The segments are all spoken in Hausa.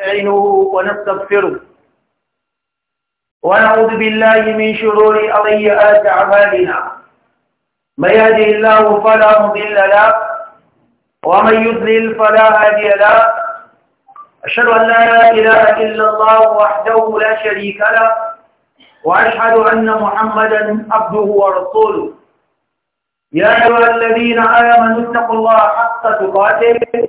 نستعينه ونستغفره ونعوذ بالله من شرور أضيئات أعمالنا من يهده الله فلا مضل له ومن يضلل فلا هادي له أشهد أن لا إله إلا الله وحده لا شريك له وأشهد أن محمدا عبده ورسوله يا أيها الذين آمنوا اتقوا الله حق تقاته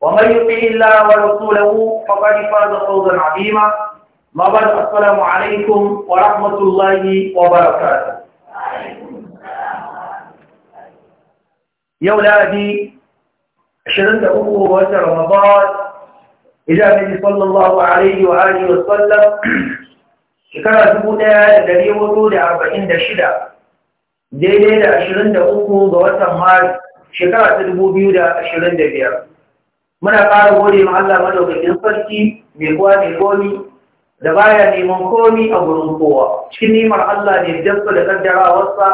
ومن يطع الله ورسوله فقد فاز فوزا عظيما ما بعد السلام عليكم ورحمة الله وبركاته يا اولادي شرنت أبوه وقت رمضان إذا النبي صلى الله عليه وآله وسلم شكرا سبوتا دري وطول أربعين دشدا ديلي دا أشرين دا أبوه مارس شكرا muna ƙara gode ma Allah madaukakin sarki mai kowa mai komi da baya neman komi a gurin kowa cikin nimar Allah ne dabba da kaddarawarsa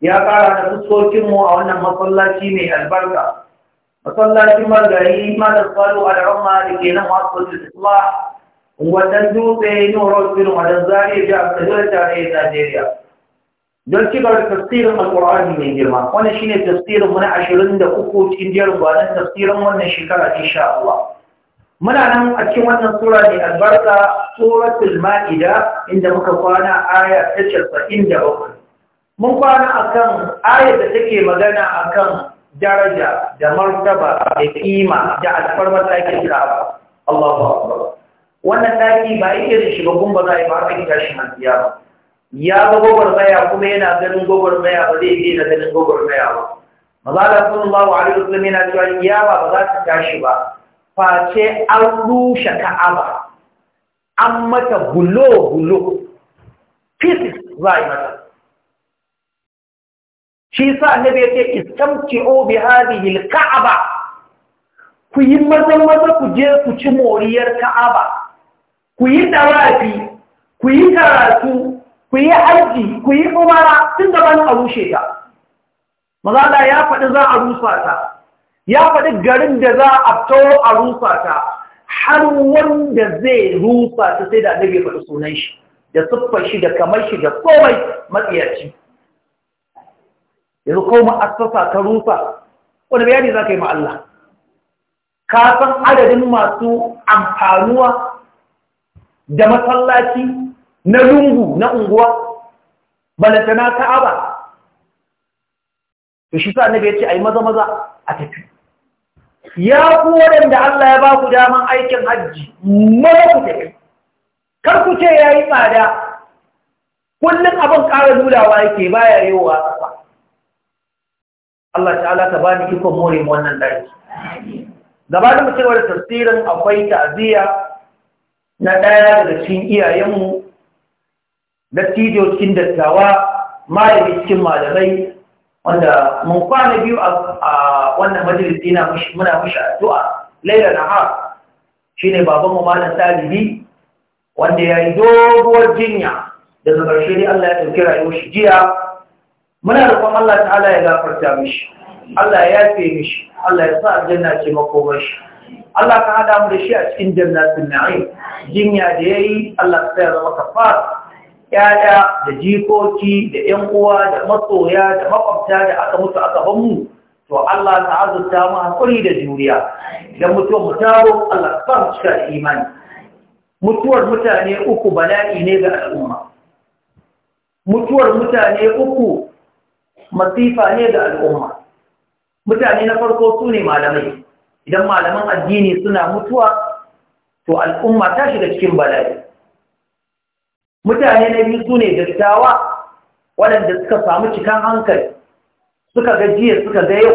ya ƙara da fuskokinmu a wannan masallaci mai albarka masallacin margari da falo a da'amma da ke nan wasu islam wadda dutse noro filin wadda da jihar tare tarayyar najeriya don ci da tafsirin alkur'ani mai girma wannan shine tafsirin mu na ashirin da uku cikin jerin gwanin tafsirin wannan shekara insha Allah muna nan a cikin wannan tura ne albarka suratul ma'ida inda muka kwana aya ta casa'in da bakwai mun kwana akan aya da take magana akan daraja da martaba da kima da alfarmar da ake kira Allahu akbar wannan daki ba irin shigagun ba za a yi ba aka kira ba ya ga maya kuma yana ganin maya ba zai daina ganin maya ba maza da sallallahu alaihi wasallam yana cewa kiyama ba za ta tashi ba face an rushe ka'aba an mata gulo gulo pieces za a yi mata shi sa annabi ya ce o bi hadhihi al-ka'aba ku yi mazan maza ku je ku ci moriyar ka'aba ku yi ɗarafi. ku yi karatu ku yi aiki ku yi umara tun da bani a rushe ta mazala ya faɗi za a rusa ta ya faɗi garin da za a tauro a rusa ta har wanda zai rusa ta sai da annabi faɗi sunan shi da siffar shi da kamar shi da komai matsiyaci yanzu ko ma'asasa ta rusa wani bayani za ka yi ma'alla ka san adadin masu amfanuwa da masallaci na lungu na unguwa ta ka'aba to shi sa ya ce ai maza maza a tafi ya ku wadanda Allah ya ba ku daman aikin hajji maza ku tafi kar ku ce yayi tsada kullum abin ƙara lulawa yake baya yi wa Allah ta'ala Ta bani ikon more wannan dare gabanin mu da tafsirin akwai ta'aziyya na ɗaya daga cikin iyayenmu dattijo cikin dattawa malami cikin malamai wanda mun kwana biyu a wannan majalisi muna mushi addu'a laila na ha shi ne babanmu malam talibi wanda ya yi doguwar jinya daga ƙarshe ne Allah ya ɗauki rayuwar shi jiya muna da roƙon Allah ta'ala ya gafarta mishi Allah ya yafe mishi Allah ya sa aljanna ce makomar shi Allah ka hada mu da shi a cikin jannatin na'im jinya da yayi Allah ta tsaya zama kafara yaya da jikoki da ‘yan uwa da matsoya da makwabta da aka mutu a gabanmu, to Allah ta azurta mu hakuri da juriya idan mutuwar mu Allah ta cika da imani mutuwar mutane uku bala'i ne ga al'umma mutuwar mutane uku masifa ne ga al'umma mutane na farko su ne malamai idan malaman addini suna mutuwa to al'umma ta shiga cikin bala'i mutane na biyu su ne dattawa waɗanda suka samu cikan hankali suka ga jiya suka ga yau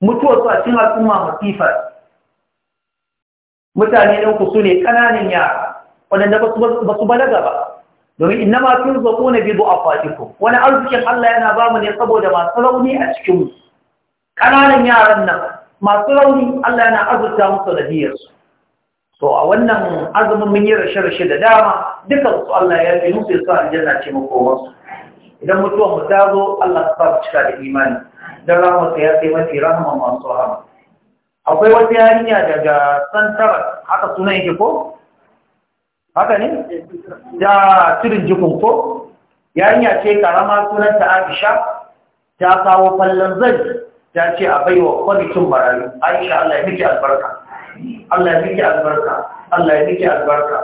mutuwa su a cikin al'umma masifar mutane na uku su ƙananan yara waɗanda ba su balaga ba domin inna ma fi zaƙo na biyu a fatiku wani arzikin Allah yana ba mu ne saboda masu rauni a cikinmu ƙananan yaran nan masu rauni Allah yana azurta musu da biyarsu to a wannan azumin mun yi rashe-rashe da dama duka su Allah ya fi musu su aljanna ce makomansu idan mutuwan mu ta zo Allah ta ba cika da imani don rahmatu ya sai mafi rahama masu rahama akwai wata yarinya daga santara haka sunan yake ko haka ne da turin jikun ko yarinya ce karama sunanta aisha ta kawo fallon zai ta ce a baiwa kwamitin marayu aisha Allah ya miki albarka Allah ya miki albarka Allah ya miki albarka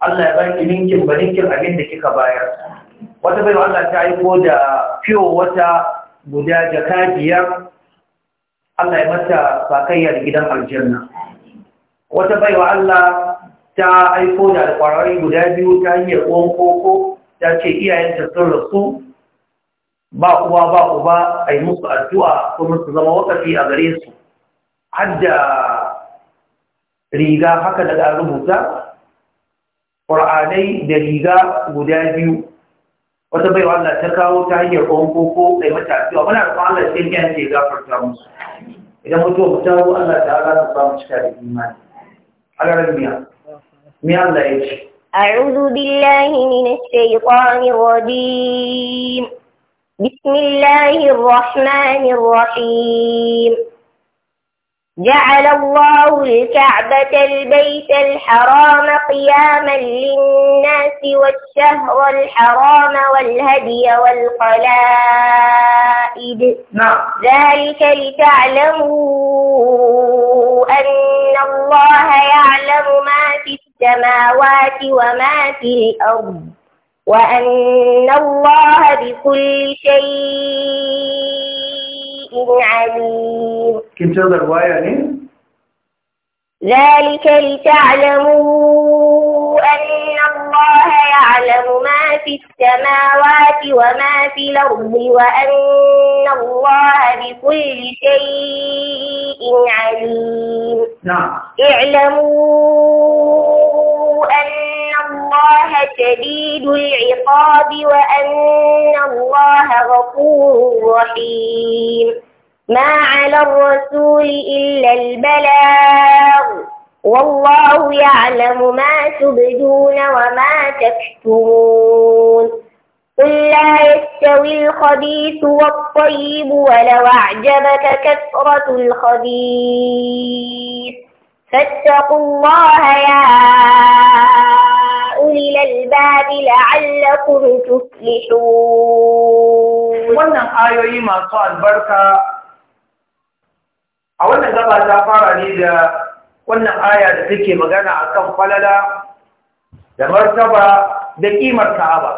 Allah ya baki ninkin ba abin da kika bayar wata bai Allah ta aiko da fiyo wata guda jaka biyar Allah ya mata fakayyar gidan aljanna wata baiwa Allah ta aiko da alƙwararri guda biyu ta hanyar uwan koko ta ce iyayenta sun rasu ba uwa ba uba a yi musu addu'a kuma su zama wakafi a gare su hadda riga haka da a rubuta ƙur'anai da riga guda biyu wata bai Allah ta kawo ta hanyar ƙwan koko mai mata cewa muna da Allah sai ya ce gafarta musu idan mutuwa ta hu Allah ta ala ta mu cika da imani alaran miya miya Allah ya ce أعوذ بالله من الشيطان الرجيم بسم الله الرحمن الرحيم جعل الله الكعبة البيت الحرام قياما للناس والشهر الحرام والهدي والقلائد نعم. ذلك لتعلموا أن الله يعلم ما في السماوات وما في الأرض وأن الله بكل شيء بشر عليم كم تنظر الرواية ليه؟ ذلك لتعلموا أن الله يعلم ما في السماوات وما في الأرض وأن الله بكل شيء عليم نعم اعلموا أن الله شديد العقاب وأن الله غفور رحيم ما على الرسول إلا البلاغ والله يعلم ما تبدون وما تكتمون قل لا يستوي الخبيث والطيب ولو أعجبك كثرة الخبيث فاتقوا الله يا أولي الألباب لعلكم تفلحون wannan ayoyi masu albarka a wannan gaba ta fara ne da wannan aya da take magana akan falala da martaba da kimar Ka'aba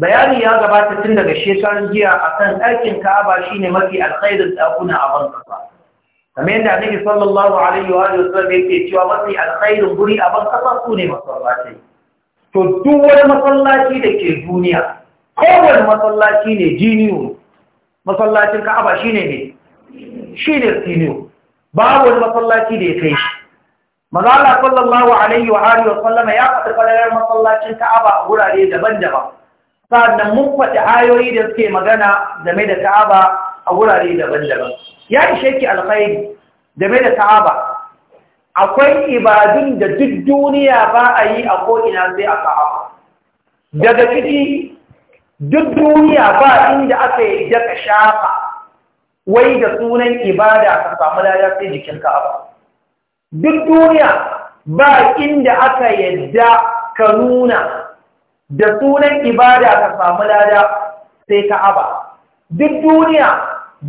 bayani ya gabata tun daga shekarun jiya akan ɗakin Ka'aba shine mafi alkhairin ɗakuna a bankasa kamar yadda annabi sallallahu alaihi wa sallam yake cewa mafi alkhairin guri a ban su ne masallatai to duk wani masallaci da ke duniya kowane masallaci ne jiniyo masallacin ka'aba shi ne ne shi ne jiniyo babu wani masallaci da ya kai shi mazala sallallahu alaihi wa alihi wa sallama ya faɗi ƙwararren masallacin ka'aba a wurare daban-daban sannan mun faɗi ayoyi da suke magana game da ka'aba a wurare daban-daban ya ishe ki alkhairi game da ka'aba akwai ibadun da duk duniya ba a yi a ko'ina sai a ka'aba daga ciki duk duniya ba inda aka yi daga shafa wai da sunan ibada ka samu lada sai jikin ka'aba duk duniya ba inda aka yadda ka nuna da sunan ibada ka samu lada sai ka'aba duk duniya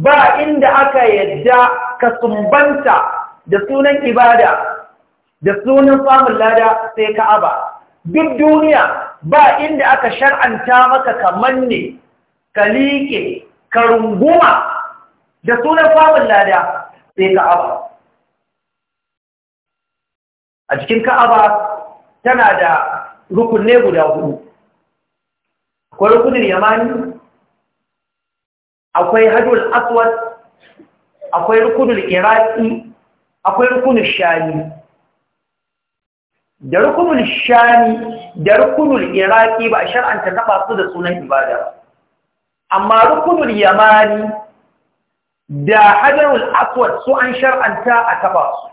ba inda aka yadda ka sumbanta da sunan ibada da sunan samun lada sai ka'aba duk duniya ba inda aka shar'anta maka kaman ne ka liƙe ka runguma da sunan samun lada sai ka'aba a cikin ka'aba tana da rukunne guda hudu akwai rukunin yamani akwai hajjul aswad akwai rukunin iraki akwai rukunin shani da rukunin shani da rukunin iraki ba a shar'anta raba su da sunan ibada amma rukunin yamani da hajarul aswad su an shar'anta a taba su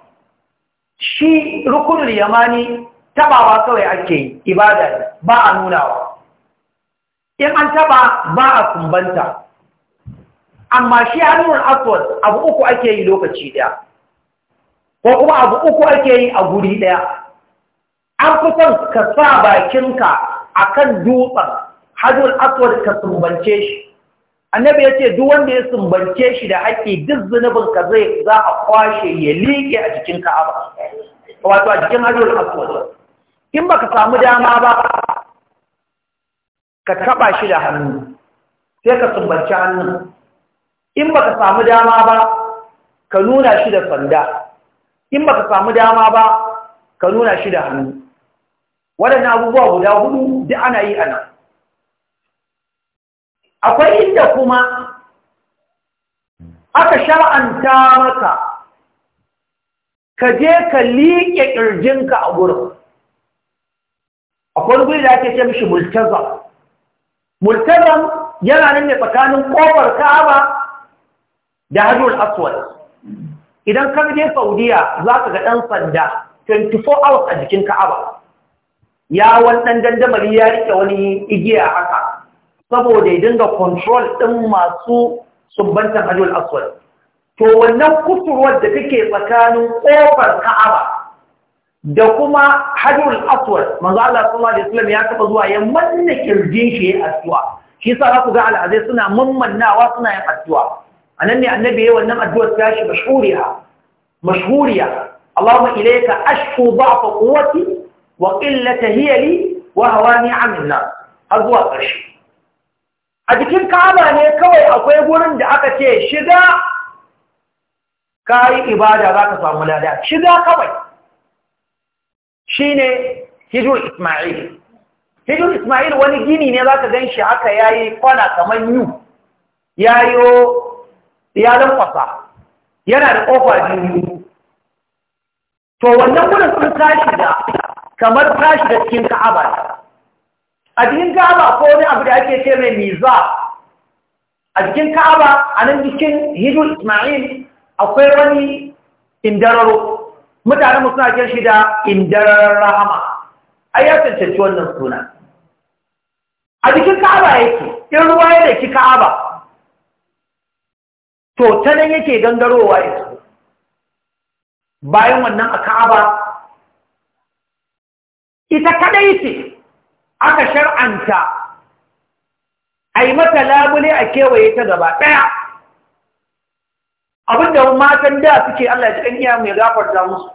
shi rukunin yamani tabawa kawai ake ibada ba a nunawa in an taba ba a kumbanta amma shi hannun aswad abu uku ake yi lokaci daya ko kuma abu uku ake yi a guri ɗaya an fi son ka sa bakinka a kan dutsen hajjul aswad ka sumbance shi annabi ya ce duk wanda ya sumbance shi da haƙƙi duk zunubin ka zai za a kwashe ya liƙe a jikin ka'aba wato a jikin hajjul aswad in baka samu dama ba ka taɓa shi da hannu sai ka sumbance hannun in baka samu dama ba ka nuna shi da sanda in baka samu dama ba ka nuna shi da hannu waɗannan abubuwa guda hudu da ana yi a nan akwai inda kuma aka shar'anta maka ka je ka liƙe ƙirjinka a gurin akwai guri da ake ce mishi multazam multazam yana nan ne tsakanin ƙofar ka'aba da hajjul aswad idan ka je saudiya za ka ga ɗan sanda 24 hours a jikin ka'aba ya wannan dandamali ya rike wani igiya haka saboda ya dinga control ɗin masu sumbantan hajjul aswad to wannan kusurwar da take tsakanin ƙofar ka'aba da kuma hajjul aswad manzo Allah sallallahu da islam ya taɓa zuwa ya manna kirjin shi ya addu'a shi sa za ku ga al'azai suna mammannawa suna yin addu'a anan ne annabi yayin wannan addu'ar tashi mashhuriya mashhuriya Allahumma ilayka ashku dha'fa quwwati wa qillata hiya li wa hawani 'anil nar har zuwa ƙarshe a jikin ka'aba ne kawai akwai gurin da aka ce shiga kayi ibada za ka samu lada shiga kawai shine hijr isma'il hijr isma'il wani gini ne za ka gan shi haka yayi kwana kaman yu yayo ya lankwasa yana da ƙofa biyu to wannan gudun sun tashi da kamar tashi da cikin ka'aba a cikin ka'aba ko wani abu da ake ce mai miza a cikin ka'aba a nan cikin hidu ismail akwai wani indararo mutane suna kyan shi da indararar rahama ai ya cancanci wannan suna a cikin ka'aba yake in ruwa ya ki ka'aba to ta nan yake gangarowa ya bayan wannan a ka'aba ita kadai ce aka shar'anta a yi mata labule a kewaye ta gaba ɗaya abinda matan da suke Allah ya cikin iya mai gafarta musu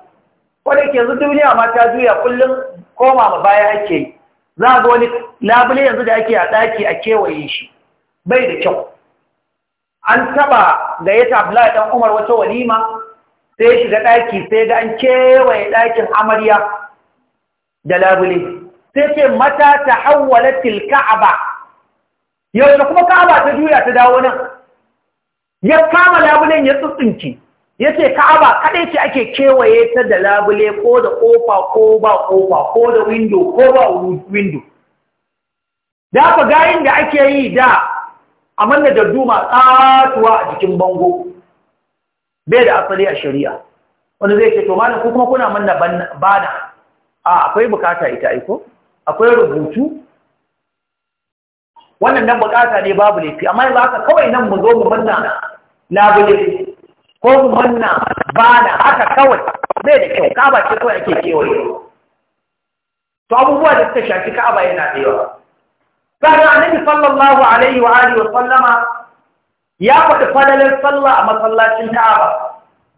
wadda ke zuwa duniya mata juya kullum koma ma baya ake yi za ga wani labule yanzu da ake a ɗaki a kewaye shi bai da kyau an taba da ya tabla dan Umar wata walima sai shiga ɗaki sai ga an kewaye ɗakin amarya da labule sai ce mata ta hawwala tilka'aba yau da kuma ka'aba ta juya ta dawo nan ya kama labulen ya tsuntsunci ya ce ka'aba kaɗai ce ake kewaye ta da labule ko da ƙofa ko ba ƙofa ko da windo ko ba windo da haka gayin da ake yi da a manna darduma duma tsatuwa a jikin bango bai da asali a shari'a wani zai ce to malam ko kuma kuna manna bana a akwai bukata ita aiko akwai rubutu wannan nan bukata ne babu laifi amma yanzu haka kawai nan mu zo mu manna labule ko mu manna bana haka kawai bai da kyau kaba ce kawai ake kewaye to abubuwa da suka shafi kaba yana da yawa Sa'adun annabi sallallahu alaihi wa alihi wa sallama ya faɗi fadalar sallah a masallacin Ka'aba.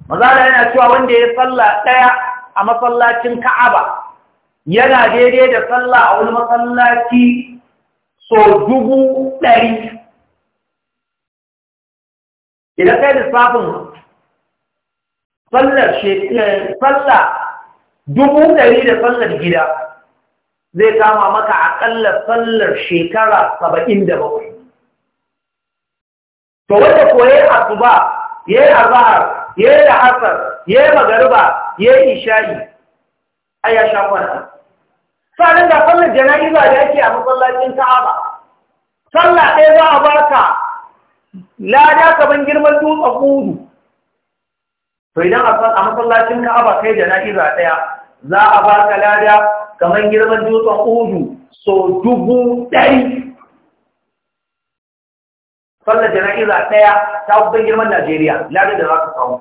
Maza da yana cewa wanda ya sallah ɗaya a masallacin Ka'aba yana daidai da sallah a wani masallaci so dubu ɗari. Idan kai lissafin eh, sallah dubu ɗari da sallar gida zai kama maka aƙalla sallar shekara saba'in da bakwai. To wanda koye asuba, ya yi azahar, ya yi la'asar, ya yi magariba, ya yi isha'i, a ya sha kwana. Sa'adun da sallar jana'iza da yake a masallacin ta'aba, sallar ɗaya za a baka lada kaman girman dutsen kudu. To idan a masallacin ta'aba kai jana'iza ɗaya, za a baka lada kamar girman dutsen udu so dubu ɗari sallar jana'iza ɗaya ta kusan girman najeriya lari da za ka samu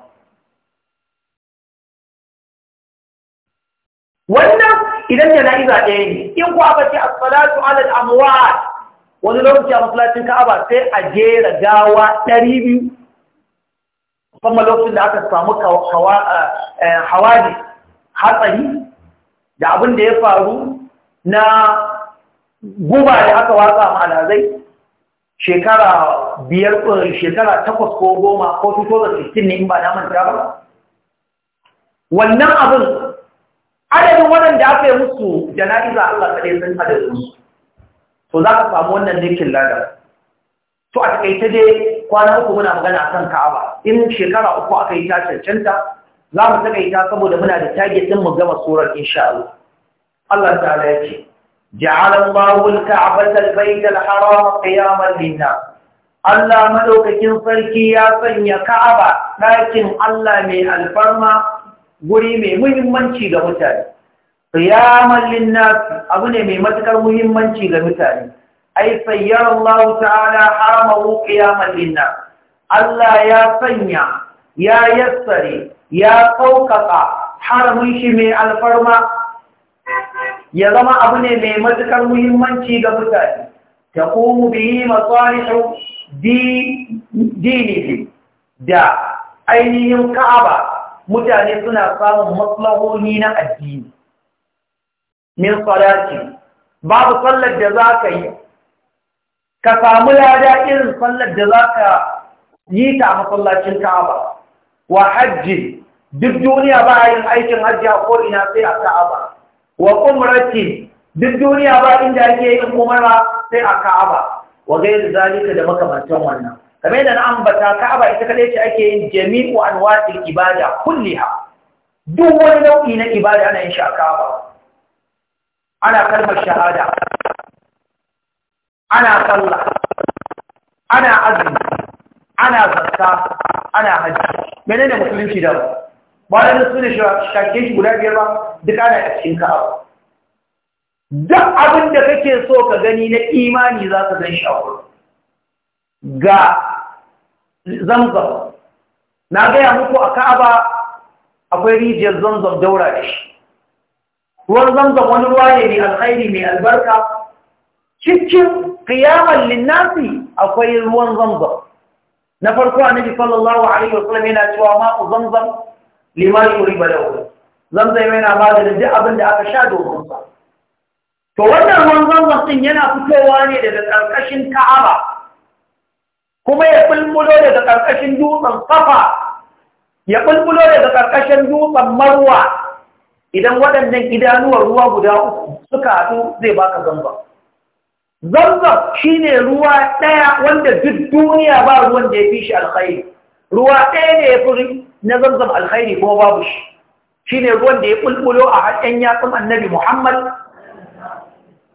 wannan idan jana'iza ɗaya ne in kuwa ba ce a salatu ala al’amuwa wani lokaci a masallacin ka'aba sai a jera gawa ɗari biyu Kuma lokacin da aka samu eh, eh, hawa ne, hatsari da abin da ya faru na guba da aka watsa ma shekara biyar shekara takwas ko goma ko 2016 ne in ba na manta ba wannan abin adadin waɗanda aka yi musu jana'iza Allah kaɗai sun adadin su to za ka samu wannan nikin ladar to a taƙaice dai kwana uku muna magana kan ka'aba in shekara uku aka yi ta cancanta za mu taƙaita saboda muna da tagetin ɗin mu gama surar insha Allah Allah ta ya ce جعل الله الكعبة البيت الحرام قياما للناس Allah madaukakin sarki ya sanya Ka'aba ɗakin Allah mai alfarma guri mai muhimmanci ga mutane. Qiyamar linnas abu ne mai matukar muhimmanci ga mutane. Ai sayyar Allah ta'ala haramahu qiyamar linnas. Allah ya sanya ya yassare ya sauƙaƙa haramin shi mai alfarma ya zama abu ne mai matukar muhimmanci ga mutane ta kuma biyi matsalihu dinihi da ainihin ka'aba mutane suna samun maslahohi na addini min salati babu sallar da za ka yi ka samu lada irin sallar da za ka yi ta masallacin ka'aba wa hajji duk duniya ba a yin aikin hajji a ko'ina sai a ka'aba wa umratin duk duniya ba inda ake yin umara sai a Ka'aba wa gairu zalika da makamantan wannan kamar da na ambata Ka'aba ita kadai ce ake yin jami'u anwatil ibada kulliha duk wani nau'i na ibada ana yin shi a Ka'aba ana kalmar shahada ana sallah ana azumi ana zakka ana hajji menene musulunci da bayan su ne shake shi guda biyar ba duk ana a cikin ka'aba duk abin da kake so ka gani na imani za ka gan shi a wurin ga zamzam na gaya muku a ka'aba akwai rijiyar zamzam daura da shi ruwan zamzam wani ruwa ne mai alkhairi mai albarka cikin kiyamar linnasi akwai ruwan zamzam na farko annabi sallallahu alaihi wasallam yana cewa ma zamzam liman yuri balawu zamzam yana da da abin da aka sha domin sa to wannan ruwan zamzam din yana fitowa ne daga karkashin Ka'aba kuma ya bulbulo daga karkashin dutsen kafa, ya bulbulo daga karkashin dutsen Marwa idan waɗannan idanuwa ruwa guda uku suka haɗu zai baka zamba. zamzam shine ruwa ɗaya wanda duk duniya ba ruwan da ya fi shi alkhairi ruwa ɗaya ne ya fi na zamzam alkhairi ko babu shi ne ruwan da ya bulbulo a haɗin yatsun annabi Muhammad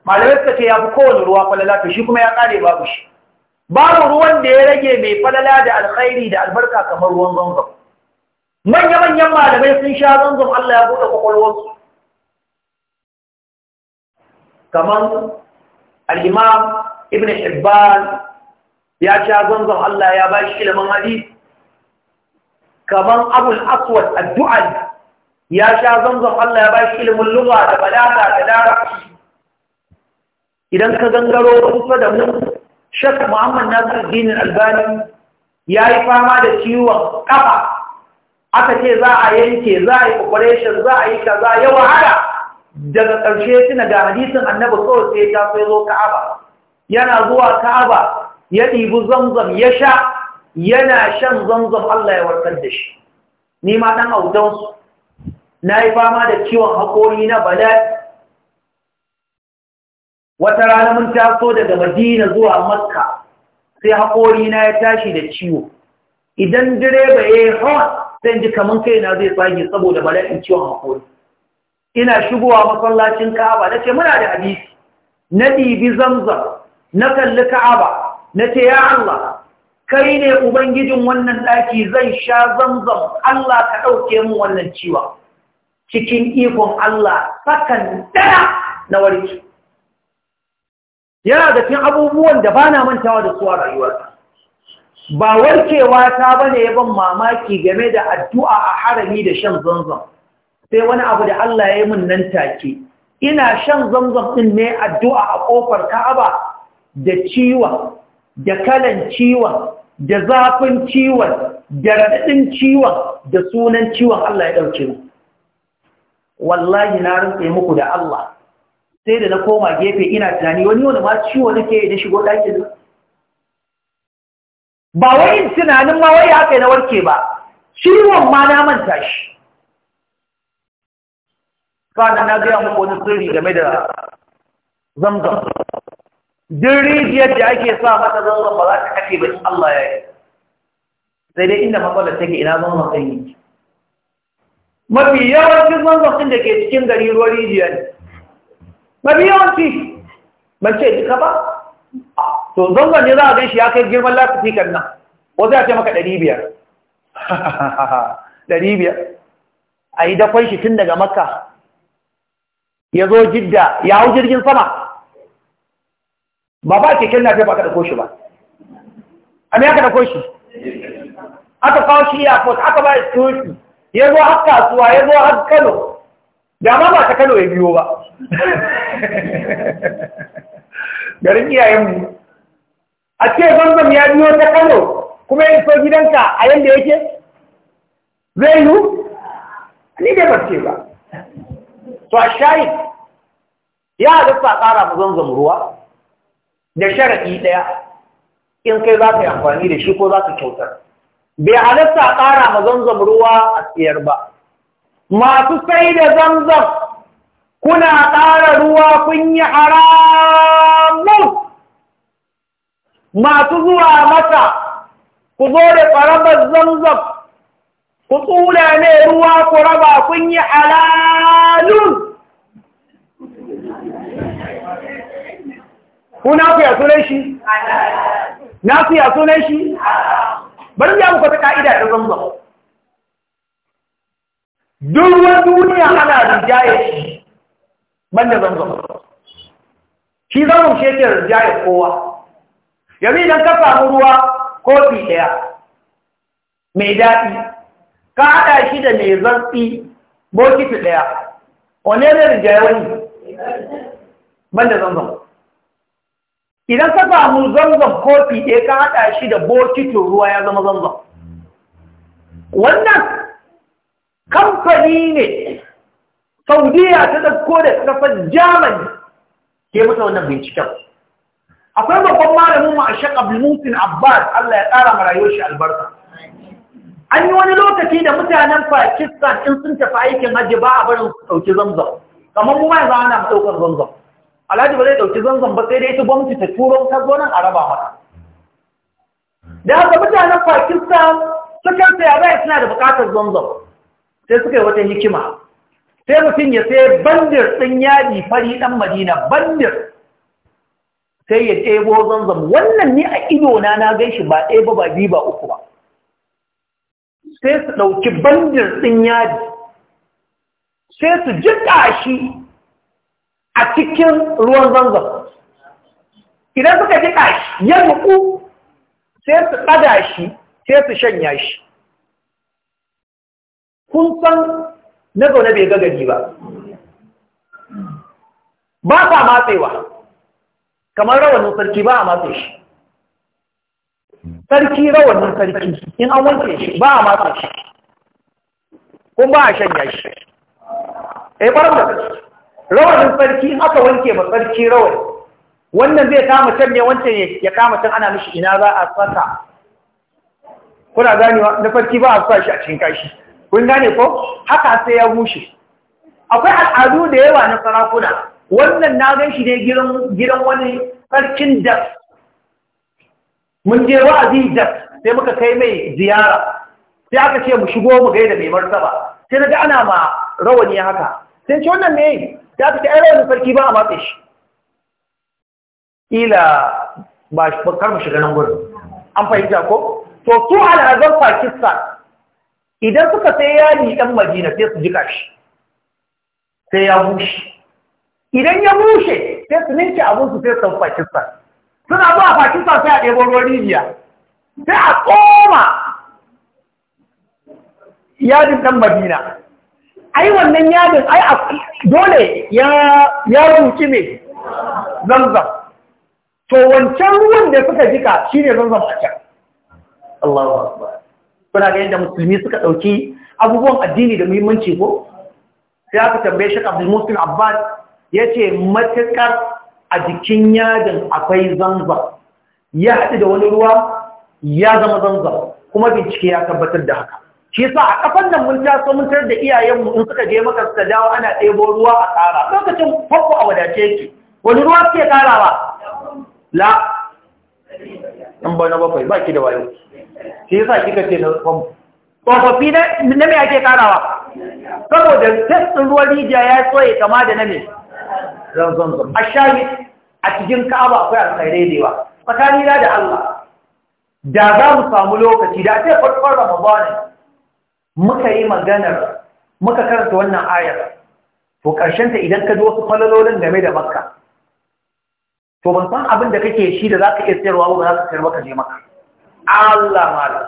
malamai suka ce ya fi kowane ruwa falala to shi kuma ya kare babu shi babu ruwan da ya rage mai falala da alkhairi da albarka kamar ruwan zanzam manya-manyan malamai sun sha zanzam Allah ya buɗe kwakwalwarsu kamar al'imam ibn hibban ya sha zanzam Allah ya ba shi ilimin hadisi kamar abul aswad addu'a ya sha zanzan Allah ya bashi ilimin luwa da balaga da larabci idan ka gangaro kusa da mu Sheikh Muhammad Nasiruddin Albani ya yi fama da ciwon kafa aka ce za a yanke za a yi operation za a yi kaza ya wahala daga ƙarshe tuna ga hadisin annabi kawai sai ya taso ya zo Ka'aba yana zuwa Ka'aba ya ɗibi zamzam ya sha yana shan zanzan Allah ya warkar da shi ni ma ɗan autansu na yi fama da ciwon haƙori na bala'i wata rana mun taso daga madina zuwa makka sai haƙori na ya tashi da ciwo idan direba ya yi hawa sai ji kamun kai na zai tsage saboda bala'in ciwon haƙori ina shigowa masallacin ka'aba na ce muna da hadisi na ɗibi zamzam na kalli ka'aba na ce ya Allah kai ne ubangijin wannan ɗaki zan sha zamzam Allah ka ɗauke mu wannan ciwa cikin ikon Allah sakan ɗaya na warki yana da cikin abubuwan da bana mantawa da su a rayuwarsa ba warkewa ta bane ban mamaki game da addu'a a harami da shan zamzam sai wani abu da Allah ya yi mun nan take ina shan zamzam ɗin ne addu'a a ƙofar Ka'aba da Ciwon. da kalan ciwon da zafin ciwon da raɗaɗin ciwon da sunan ciwon Allah ya ɗauke mu wallahi na rantsa muku da Allah sai da na koma gefe ina tunani wani wani ma ciwo nake da shigo ɗakin ba wai tunanin ma wai haka na warke ba ciwon ma na manta shi kana na gaya muku wani sirri game da zamzam duk rijiyar da ake sa mata zanzan ba za ta kafe ba Allah ya yi sai dai inda ta take ina zanzan ɗin yi mafi yawancin zanzan da ke cikin gari ruwan rijiyar mafi yawanci ban ce duka ba to zanzan ne za a gan shi ya kai girman kan nan wasu ya ce maka ɗari biyar ɗari biyar a yi dakon shi tun daga makka ya zo jidda ya hau jirgin sama ba ba keken na ba ka da koshi ba a me ka da koshi? aka kawo shi ya fos aka ba security ya zo har kasuwa ya zo har kano da ma ba ta kano ya biyo ba garin iyayenmu a ce zanzan ya biyo ta kano kuma ya so gidanka a yadda yake zai yi ni dai ba ce ba to a shayi ya halitta tsara ƙara mu zanzan ruwa da sharaɗi ɗaya in kai za ka yi amfani da shi ko za ka kyautar bai halatta a ƙara ma zanzan ruwa a tsayar ba masu sai da zanzan kuna ƙara ruwa kun yi haramun masu zuwa mata ku zo da ƙarabar zanzan ku tsula ne ruwa ku raba kun yi halalun ku na fiya sunan shi na fiya sunan shi bari ya muku ta ka'ida ta zamzam duk ruwan duniya ana rijaye shi da zamzam shi zamun shi yake rijaye kowa yanzu idan ka samu ruwa kofi ɗaya mai daɗi ka haɗa shi da mai zartsi bokiti ɗaya wane ne rijaye wani da zamzam idan ka samu zanzan kofi ɗaya ka haɗa shi da bokitin ruwa ya zama zanzan wannan kamfani ne saudiya ta ɗauko da ƙasar germany ke mata wannan binciken akwai babban malamin mu a shek abdulmutin abbas allah ya ƙara marayuwar shi albarka an yi wani lokaci da mutanen pakistan in sun tafi aikin hajji ba a barin su ɗauki zamzam kamar mu ma yanzu ana ɗaukar zamzam alhaji ba zai ɗauki zanzan ba sai dai ita gwamnati ta turo ta zo nan a raba mata da haka mutanen pakistan suka saya bai suna da buƙatar zanzan sai suka yi wata hikima sai mutum ya sai bandir ɗin yadi fari ɗan madina bandir sai ya ɗebo zanzan wannan ne a idona na gan shi ba ɗaya ba ba biyu ba uku ba sai su ɗauki bandir ɗin yadi sai su jiƙa shi a cikin ruwan zanzan idan suka ji ƙashi ya nuku sai su ɗada shi sai su shanya shi kun san na zaune bai ga gari ba ba sa matsewa kamar rawanin sarki ba a matse shi sarki rawanin sarki in an wanke shi ba a matse shi kun ba a shanya shi ɗaya eh, ɓarar da sarki rawanin sarki in aka wanke ma sarki rawani wannan zai kama can ne wancan ya kama can ana mishi ina za a saka kuna ganewa na farki ba a sa shi a cikin kashi kun gane ko haka sai ya bushe akwai al'adu da yawa na sarakuna wannan na gan shi ne gidan wani sarkin da mun je wa'azi da sai muka kai mai ziyara sai aka ce mu shigo mu gaida mai martaba sai na ga ana ma rawani haka sai ce wannan ne da aka ce ai sarki ba a matse shi ila ba kar mu shiga nan gudu. an fahimta ko to su al'azar pakistan idan suka sai yadi ɗan madina sai su jika shi sai ya bushe idan ya bushe sai su ninke abin su sai su pakistan suna zuwa pakistan sai a ɗebo ruwan sai a tsoma yadin ɗan madina ai wannan yadin ai dole ya ruki ne zanzan to wancan ruwan da suka jika shi ne zanzan a can Allah kuna ga yadda musulmi suka ɗauki abubuwan addini da muhimmanci ko sai aka tambaye shi abdulmusin abbas ya ce matuƙar a jikin yadin akwai zanzan ya haɗu da wani ruwa ya zama zanzan kuma bincike ya tabbatar da haka shi sa a kafan nan mun taso mun tar da iyayenmu in suka je maka suka dawo ana ɗebo ruwa a tsara lokacin farko a wadace yake wani ruwa suke ƙarawa la in ba na bakwai ba ki da wayo shi yasa kika ce na famfo tsofaffi na me ake ƙarawa saboda testin ruwan rijiya ya tsoye kama da na me zanzanzan a shayi a cikin ka'aba akwai alkhairai da yawa tsakanina da Allah da za mu samu lokaci da ce farkon ramadana muka yi maganar muka karanta wannan ayar to ta idan ka ji wasu falalolin game da makka to ban san abin da kake shi da za ka iya sayarwa ba za ka sayar maka je maka Allah mala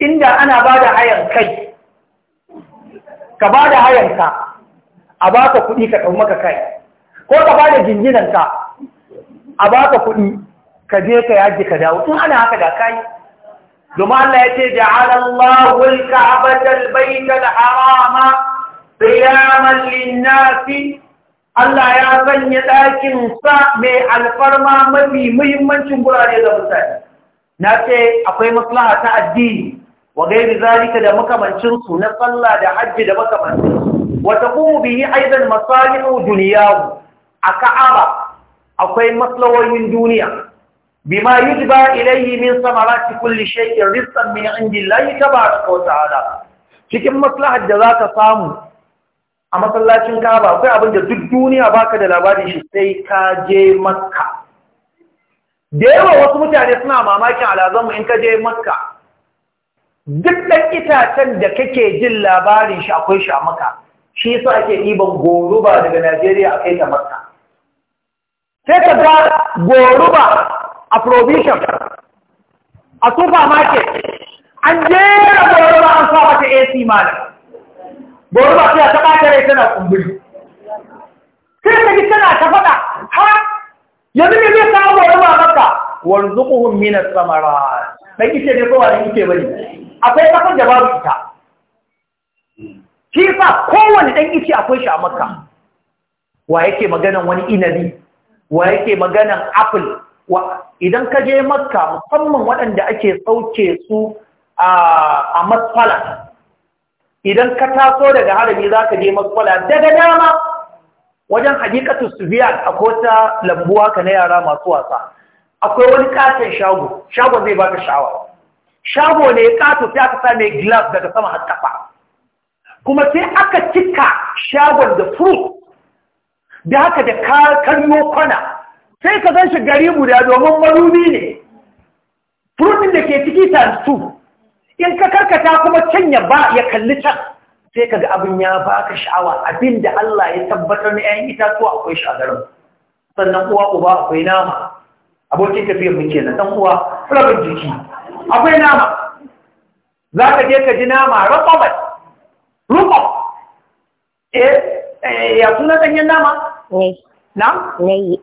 inda ana ba da hayan kai ka ba da hayan ka a ba ka kuɗi ka ɗau maka kai ko ka ba da jinjinanka a ba ka kuɗi ka je ka yaji ka dawo in ana haka da kai domin Allah ya ce ja'ala Allahu al-ka'bata al da al-harama qiyaman lin Allah ya sanya ɗakinsa sa mai alfarma mafi muhimmancin gurare ga mutane na ce akwai maslaha ta addini wa gairi zalika da makamancinsu na sallah da hajji da makamancinsu. su wa biyi aizan masalihu duniyawu. a ka'aba akwai maslahohin duniya بما يجبى إليه kulle ثمرات كل mai رزقا من عند الله تبارك ta'ala cikin maslahar da zaka samu a masallacin Kaaba akwai abin da duk duniya baka da labarin shi sai ka je Makka da yawa wasu mutane suna mamakin alazan in ka je Makka duk ɗan itacen da kake jin labarin shi akwai shi a Makka shi yasa ake ɗiban goruba daga Najeriya a kai ta Makka sai ka ga goruba a provision a supermarket an jera borba an sa mata AC malam borba ba ta bata rai tana kumburi sai ta ji tana ta faɗa ha yanzu ne zai samu borba maka warzuquhum min as-samarat dan kice ne kowa dan kice bane akwai kafin da babu ita shi fa kowanne dan kice akwai shi a makka wa yake maganan wani inabi wa yake maganan apple idan ka je makka musamman waɗanda ake sauke su a matsala idan ka taso daga harami za ka je matsala daga dama wajen su biya a kota lambuwa ka na yara masu wasa akwai wani katon shago shago zai ka sha'awa shago ne ya kato sai aka same glass daga sama har kuma sai aka cika shagon da fruit da haka da kanyo kwana sai ka zan shi gari guda domin marubi ne furumin da ke ciki ta su in ka karkata kuma can ya ba ya kalli can sai ka ga abin ya ka sha'awa abin da Allah ya tabbatar na ‘yan itatuwa akwai shagarin sannan uwa uba akwai nama abokin tafiyar fiye kenan ɗan uwa rabin jiki akwai nama za ka je ka ji nama rubabat rubab eh, eh ya suna danyen nama na yi.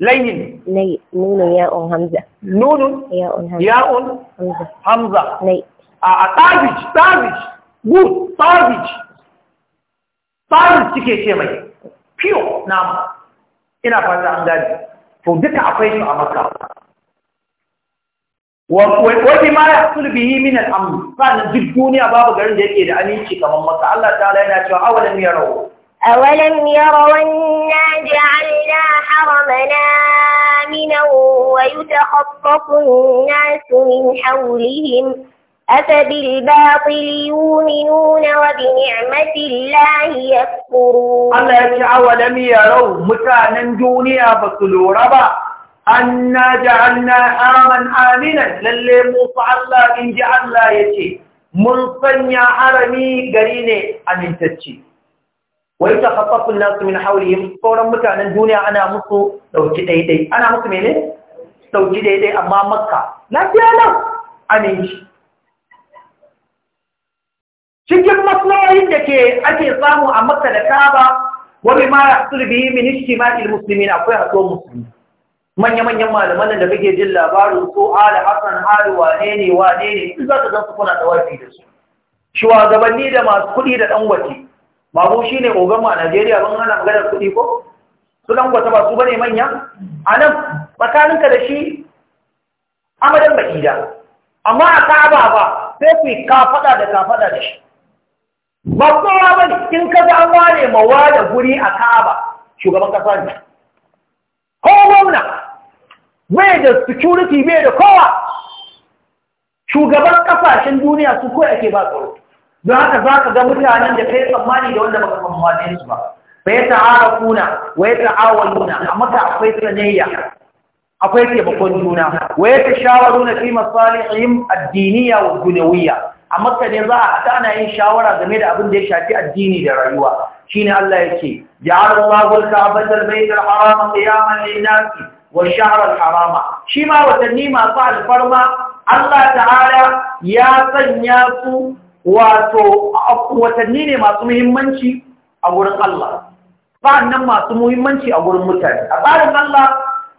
لين ني Ya'un! Hamza! همزة نون ياء همزة ياء همزة همزة ني طابج طابج good طابج طابج kike ce mai pure nama ina fata an gani to duka akwai shi a makka wani ma ya sulbi bihi min al'amur sa'adun duk duniya babu garin da yake da aminci kamar masa Allah ta'ala yana cewa awalan ya rawo أولم يروا أنا جعلنا حرمنا آمنا ويتخطف الناس من حولهم أفبالباطل يؤمنون وبنعمة الله يكفرون الله يتعى ولم يروا مكانا دونيا فصلوا ربا أنا جعلنا آمن آمنا للي موسى الله إن جعلنا يتي من صنع حرمي قريني عن تتشي wa yatakhaffafun nasu min hawlihim sauran mutanen duniya ana musu dauki daidai ana musu mene ɗauki daidai amma makka lafiya nan aminci cikin maslahohin da ke ake samu a makka da kaba wani ma ya sulbi min ishtima'il muslimin akwai hato musulmi manya-manyan malaman da kake jin labarin ko ala hasan hali wane ne wane ne za ka zan su kuna da wafi da su gabanni da masu kuɗi da ɗan waje ba mu shi ne a Najeriya ban hana gadar kuɗi ko? Su ɗan kwata ba su ba ne manya? A nan, tsakaninka da shi amadan baƙi da, amma a ka'aba ba sai ku yi kafaɗa da kafaɗa da shi. Ba kowa ba ne, in ka an ware ma ware guri a ka'aba shugaban ƙasa ne. Ko gwamna, bai da security bai da kowa. Shugaban ƙasashen duniya su kawai ake ba tsaro. don haka za ka ga mutanen da ka yi tsammani da wanda baka tsammane su ba fa ya ta'ara kuna wa ya ta'awaluna amma ta akwai sanayya akwai bakon juna wa ya tashawaruna fi masalihim ad-diniyya wa dunyawiyya amma ka ne za a haɗa ana yin shawara game da abin da ya shafi addini da rayuwa shine Allah ya ja'alallahu al-ka'bata al bai al-harama qiyaman lin-nasi wa ash-shahr al-harama shi ma watanni masu alfarma Allah ta'ala ya sanya su wato watanni ne masu muhimmanci a wurin Allah nan masu muhimmanci a wurin mutane a tsarin Allah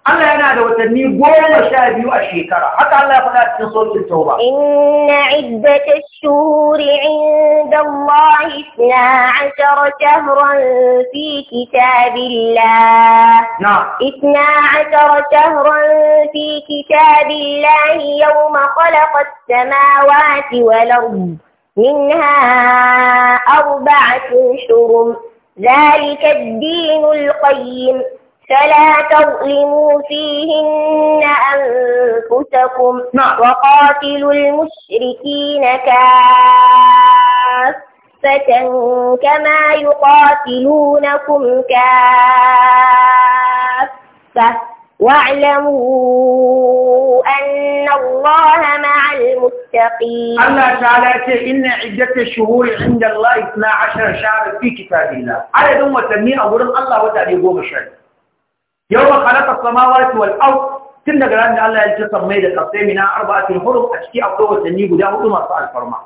Allah yana da watanni goma sha biyu a shekara haka Allah ya faɗa cikin sautin tauba inna iddat ash-shuhuri 'inda Allah 12 shahran fi kitabillah na 12 shahran fi kitabillah yawma khalaqa as-samawati wal-ardh منها أربعة شرم ذلك الدين القيم فلا تظلموا فيهن أنفسكم نعم. وقاتلوا المشركين كافة كما يقاتلونكم كافة واعلموا أن الله مع المتقين الله تعالى إن عدة الشهور عند الله 12 شهر في كتاب الله على دم وتنمية أقول الله وتعالى يقوم الشهر يوم خلق السماوات والأرض tun daga ranar Allah ya ci sammai da tsaffai mina arba'atin hurum a ciki akwai watanni guda hudu masu alfarma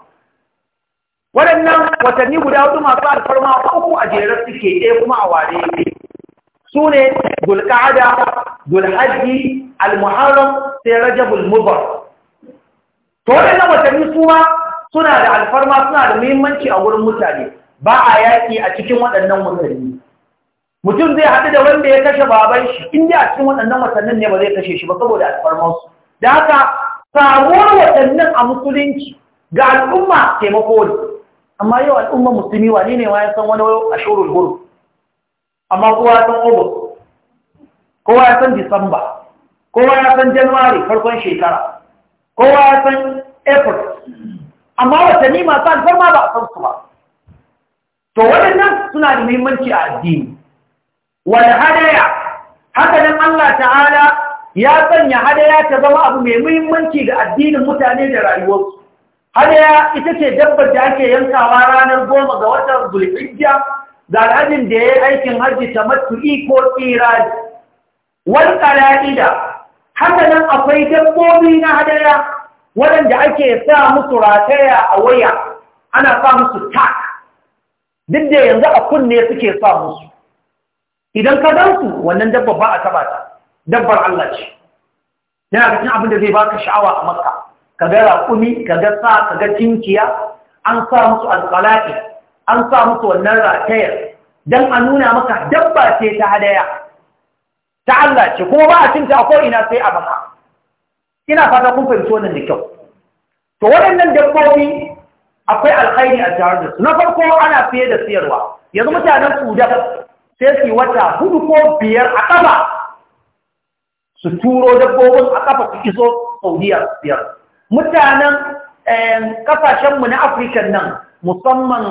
waɗannan watanni guda hudu masu alfarma uku a jere suke ɗaya kuma a ware su ne dulƙada dulhajji almuharram sai rajabul mubar to waɗannan watanni su ma suna da alfarma suna da muhimmanci a wurin mutane ba a yaƙi a cikin waɗannan watanni mutum zai haɗu da wanda ya kashe baban shi inda a cikin waɗannan watannin ne ba zai kashe shi ba saboda alfarmansu da haka samuwar watannin a musulunci ga al'umma taimako ne amma yau al'umma musulmi wa ne ma ya san wani a shurul gurbi amma kowa ya san ogun kowa ya san disamba kowa ya san januwari farkon shekara kowa ya san april amma watanni masu alfarma ba a san su ba to waɗannan suna da muhimmanci a addini wani hadaya hakanan Allah ta'ala ya sanya hadaya ta zama abu mai muhimmanci ga addinin mutane da rayuwarsu hadaya ita ce dabbar da ake yankawa ranar goma ga watan zulhijja ga alhajin da ya yi aikin hajji ta matu'i ko tsirani wani ƙara'ida haka nan akwai dabbobi na hadaya waɗanda ake sa musu rataya a waya ana sa musu tak duk da yanzu a kunne suke sa musu idan ka gansu wannan dabba ba a taba ta dabbar Allah ce yana cikin abin da zai baka sha'awa a makka ka ga raƙumi ka ga sa ka ga tinkiya an sa musu alƙala'i an sa musu wannan ratayar don a nuna maka dabba ce ta hadaya ta Allah ce kuma ba a ta ko ina sai a baka ina fata kun fahimci wannan da kyau to waɗannan dabbobi akwai alkhairi a tare da su na farko ana fiye da siyarwa yanzu mutanen sudan sai su wata hudu ko biyar a ƙafa su turo dabbobin a ƙafa su iso saudiya biyar mutanen eh, ƙasashenmu na afirka nan musamman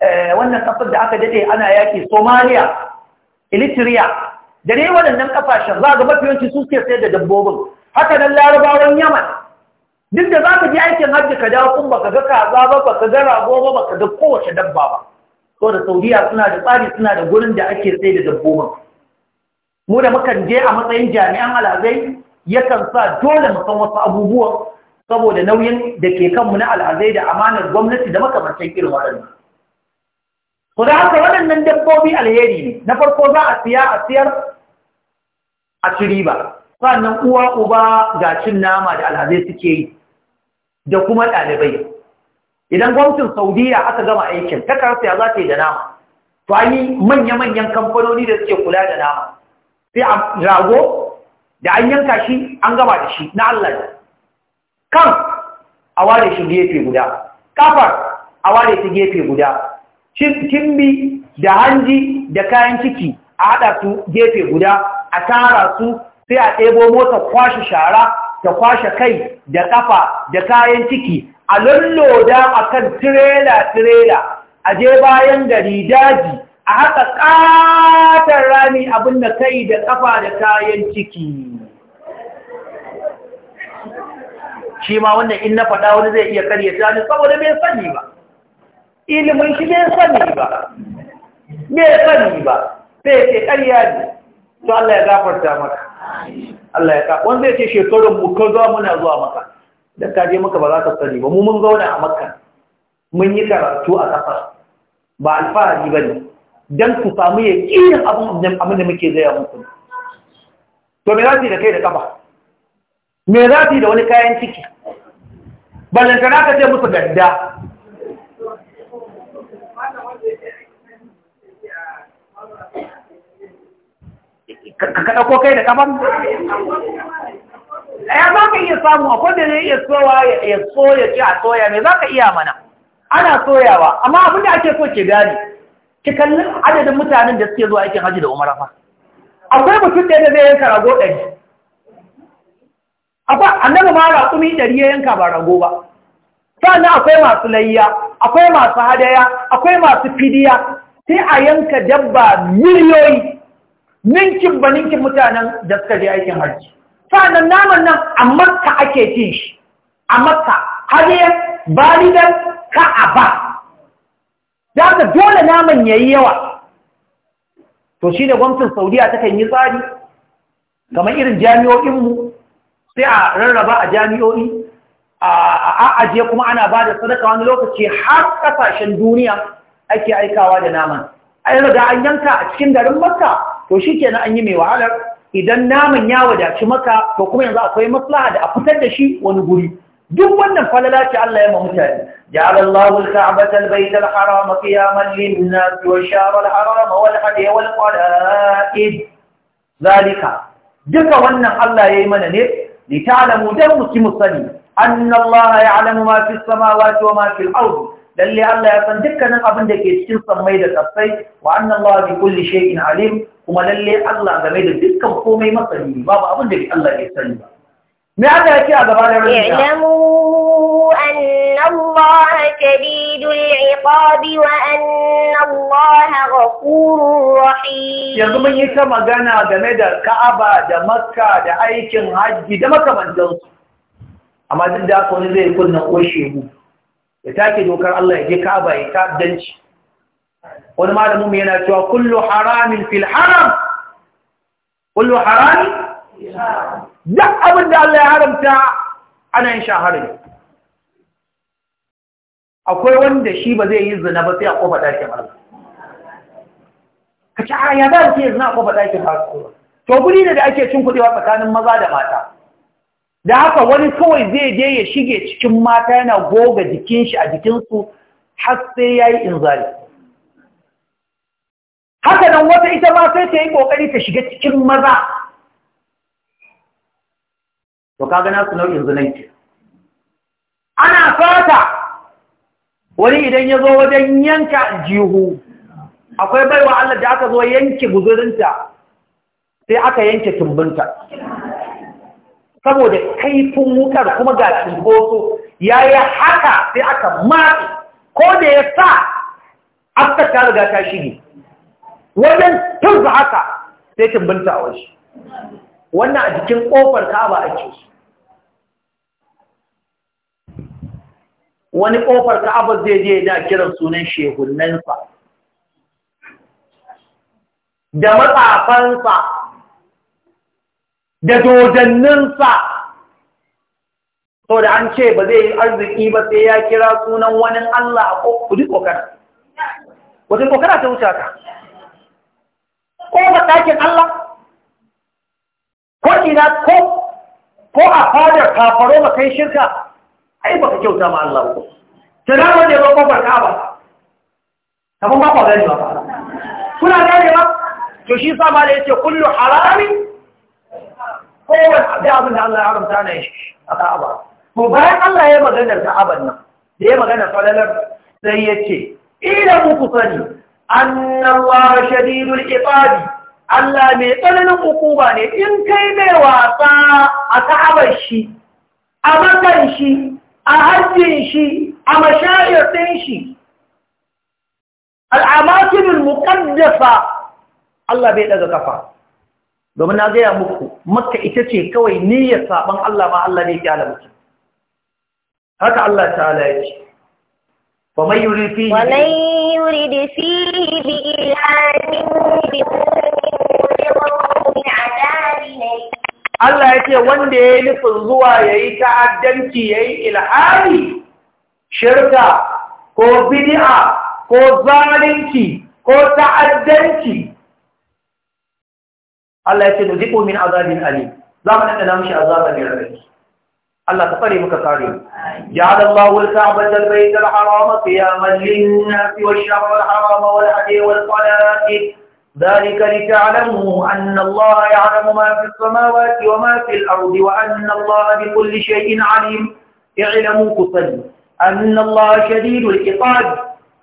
eh, wannan kasar da aka dade ana yaki Somaliya, Eritrea da dai waɗannan kafashen za ga mafiyanci suke sayar da dabbobin haka nan larabawan Yaman duk da za ka ji aikin hajji ka dawo kun baka ga kaza ba baka ga rago ba baka ga kowace dabba ba to da Saudiya suna da tsari suna da gurin da ake sayar da dabbobin mu da mukan je a matsayin jami'an alazai yakan sa dole mu san wasu abubuwan saboda nauyin da ke kanmu na al'azai da amanar gwamnati da makamantan irin waɗannan ku da haka waɗannan dabbobi alheri ne na farko za a siya a siyar a ci sannan uwa uba ga cin nama da alhazai suke yi da kuma ɗalibai idan gwamnatin saudiya aka gama aikin ta karsiya za ta yi da nama to an yi manya-manyan kamfanoni da suke kula da nama sai a rago da an yanka shi an gama da shi na allah kan a ware shi gefe guda kafar a ware shi gefe guda kimbi da hanji da kayan ciki a haɗa su gefe guda a tara su sai a ɗebo mota kwashe shara ta kwashe kai da ƙafa da kayan ciki a lulloda a kan tirela-tirela a je bayan gari daji a haka ƙatar rami abinda binne kai da ƙafa da kayan ciki shi ma wannan in na faɗa wani zai iya karye ta ne saboda bai sani ba ilimin shi bai sani ba mai sani ba sai ce karya ne to Allah ya gafarta maka Allah ya kafa wanda ce shekarun mu ka zo muna zuwa maka dan ka je maka ba za ka sani ba mu mun zauna a makka mun yi karatu a kafar ba alfahari ba ne don ku samu ya ƙirin abin da muke zaya muku to me za su yi da kai da kafa me za su yi da wani kayan ciki na ka ce musu gadda ka kai da kafan ya za ka iya samu a da ne iya sowa ya soya ce a soya mai za ka iya mana ana soyawa amma abin da ake so ke gani ki kalli adadin mutanen da suke zuwa aikin hajji da umarafa akwai mutum ɗaya da zai yanka rago ɗari akwai annabi ma raƙumi ɗari ya yanka ba rago ba sannan akwai masu layya akwai masu hadaya akwai masu fidiya sai a yanka dabba miliyoyi ninkin ba ninkin mutanen da suka je aikin hajji sannan naman nan a makka ake cin shi a makka hadaya, balidan ka'aba da ka dole naman ya yi yawa to shi da gwamnatin saudiya ta kan yi tsari kamar irin jami'o'inmu sai a rarraba a jami'o'i a ajiye kuma ana ba da sadaka wani lokaci har kasashen duniya ake aikawa da naman an riga an yanka a cikin garin makka to shi kenan an yi mai wahalar idan naman ya wadaci maka to kuma yanzu akwai maslaha da a fitar da shi wani guri duk wannan falala ce Allah ya ma mutane ja'alallahu al-ka'bata al-bayt al-haram qiyaman lin-nas wa shara al-haram wal hadi wal qala'id zalika duka wannan Allah yayi mana ne لتعلموا دم مسلم أن الله يعلم ما في السماوات وما في الأرض lalle Allah ya san dukkanin abin da ke cikin sammai da tsaffai wa annan Allah bi kulli shay'in alim kuma lalle Allah game da dukkan komai masani babu abin da Allah ya sani ba me Allah yake a gaba da rayuwa الله شديد العقاب وأن الله غفور رحيم يا زمن يسمى غانا دمدا كعبة دمكة دعيشن حج دمكة من جلس أما دن دا كون كل نقوشي يتاكد وكر الله يجي كعبة يتاب دنش ونما دمم يناتوا كل حرام في الحرم كل حرام دق أبدا الله حرمتا أنا إن شاء الله akwai wanda shi ba zai yi zina ba sai a kofa ɗakin Allah ka ci a ya za ce zina a kofa ɗakin Allah to guri ne da ake cin kuɗewa tsakanin maza da mata da haka wani kawai zai je ya shige cikin mata yana goga jikin shi a jikinsu har sai ya yi inzali haka nan wata ita ma sai ta yi ƙoƙari ta shiga cikin maza to kaga su nau'in zinanki ana fata wani idan ya zo wajen yanka jihu akwai baiwa Allah da aka zo yanke guzurinta sai aka yanke tumbinta saboda kaifin wutar kuma ga cimboso ya yi haka sai aka mati ko da ya sa aka ta riga ta shige wajen ba haka sai tumbinta a wasu wannan a jikin ƙofar kaba ake su wani ƙofar ka abu zai je da kiran sunan shehunansa da matsafansa da dodanninsa sau da an ce ba zai yi arziki ba sai ya kira sunan wani Allah a ƙoƙuri ƙoƙara wata ƙoƙara ta wuce ta ba ɗakin Allah ko ina ko a fadar kafaro ba kai shirka ai baka kyauta ma Allah ko da wanda ya kofar Ka'aba kamar ba ku gani ba kuna gane ba to shi sa ma da yake kullu harami ko wani abin da Allah ya haramta ne shi a Ka'aba ko bayan Allah ya maganar Ka'aban nan da ya magana salalar sai ya ce ila muku sani annallaha shadidul iqabi Allah mai tsananin hukuma ne in kai mai wasa a Ka'abar shi a makan shi a hajjin shi a mashayarsin shi al'amakinin muƙaddafa Allah bai daga kafa domin na gaya muku makka ita ce kawai niyyar saban Allah ma Allah ne ya mutum haka Allah ta ta'ala ya ce ومن يريد فيه ومن يريد فيه بإلحاد بظلم Allah ya ce wanda ya yi nufin zuwa ya yi ta'addanci ya yi ilhari shirka ko bidi'a ko zalunci ko ta'addanci Allah ya ce da ziko min azabin ali za mu ɗanɗana mashi azabar da rabe Allah ta fare muka kare ja'ala Allahu al-ka'bata al-bayta al-harama qiyaman lin-nasi wash-shahra al-harama wal-hadi wal-qanati ذلك لتعلموا أن الله يعلم ما في السماوات وما في الأرض وأن الله بكل شيء عليم اعلموا كسن أن الله شديد العقاب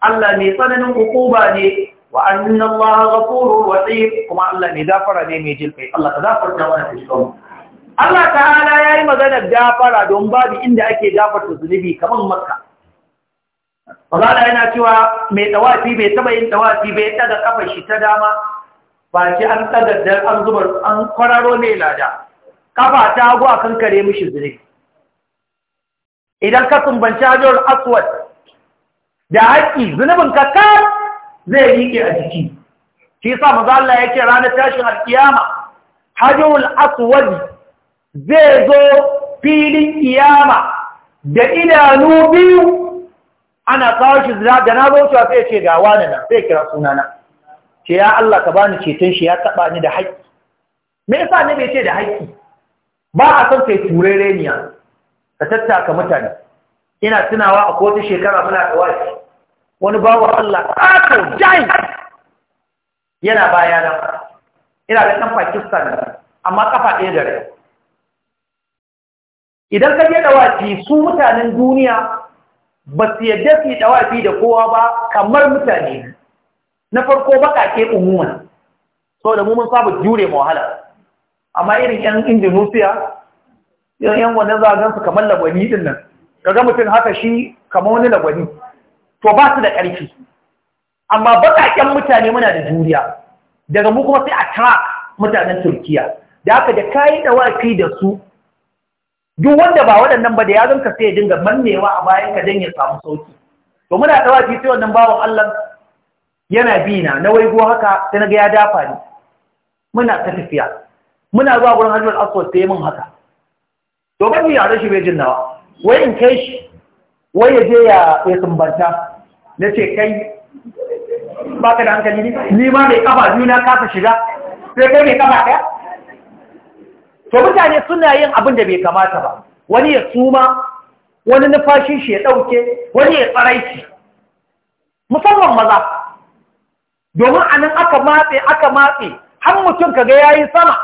الله ميطنن عقوبة لي وأن الله غفور رحيم كما الله مدافر لي ميجل في الله تدافر جوانا في الشؤون الله تعالى يا إما ذنب دافر دون باب إن أكي دافر تذنبي كمان مكة Fazala yana cewa mai tsawafi bai taba yin tsawafi bai ɗaga kafa shi ta dama ba ce an ɗaga da an zubar an kwararo mai lada. Ƙafa ta hagu a kan kare mishi zire. Idan ka tumbanci hajjar aswad da haƙƙi zunubin ka zai riƙe a jiki. Shi sa mazala ya ce ranar tashin alƙiyama hajjar aswad zai zo filin ƙiyama da idanu biyu ana kawo shi da na bauta sai ce ga wani na sai kira sunana ce ya Allah ka bani ceton shi ya taba ni da haƙƙi me yasa ne bai ce da haƙƙi ba a son turere niya ka tattaka mutane ina tunawa a kowace shekara muna da wani wani bawo Allah kato jai yana bayana ina da ɗan Pakistan amma kafa ɗaya da rai idan ka je da su mutanen duniya ba su yadda su yi ɗawafi da kowa ba kamar mutane na farko baƙaƙe umuman so da mummun sabu jure ma wahala amma irin yan indonesia yan yan a zagan su kamar labari din nan kaga mutum haka shi kamar wani labari, to ba su da ƙarfi amma baƙaƙen mutane muna da juriya daga mu kuma sai a ta mutanen turkiya da haka da kayi ɗawafi da su duk wanda ba waɗannan ba da ya zanka sai ya dinga mannewa a bayan ka dan ya samu sauki to muna fi sai wannan bawan Allah yana bi na na waigo haka sai naga ya dafa ni muna ta tafiya muna zuwa gurin Hajjal Aswad sai mun haka to ban yi da shi bai jin nawa wai in kai shi wai ya je ya ya sumbanta nace kai baka da hankali ni ma mai kafa biyu na kafa shiga sai kai mai kafa ɗaya to mutane suna yin abin da bai kamata ba wani ya suma wani nufashin shi ya ɗauke wani ya tsaraici musamman maza domin a nan aka matse aka matse har mutum kaga ya yi sama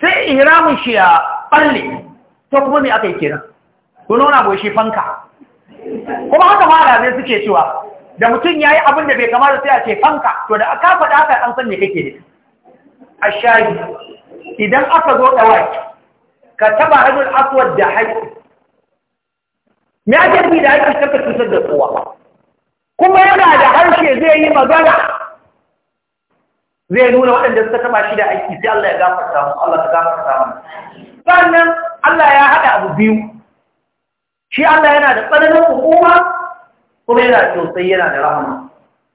sai ihramin shi ya ɓalle to kuma ne aka yi kenan kuna wani abu shi fanka kuma haka ma zai suke cewa da mutum ya yi abin da bai kamata sai a ce fanka to da aka faɗa haka an san me kake ne a shayi idan aka zo ɗawaki ka taba hajjul aswad da haiti me ake da haiti kaka cutar da kowa kuma yana da harshe zai yi magana zai nuna waɗanda suka taba shi da aiki sai Allah ya gafarta mu Allah ta gafarta mu sannan Allah ya haɗa abu biyu shi Allah yana da tsananin hukuma kuma yana da tausayi yana da rahama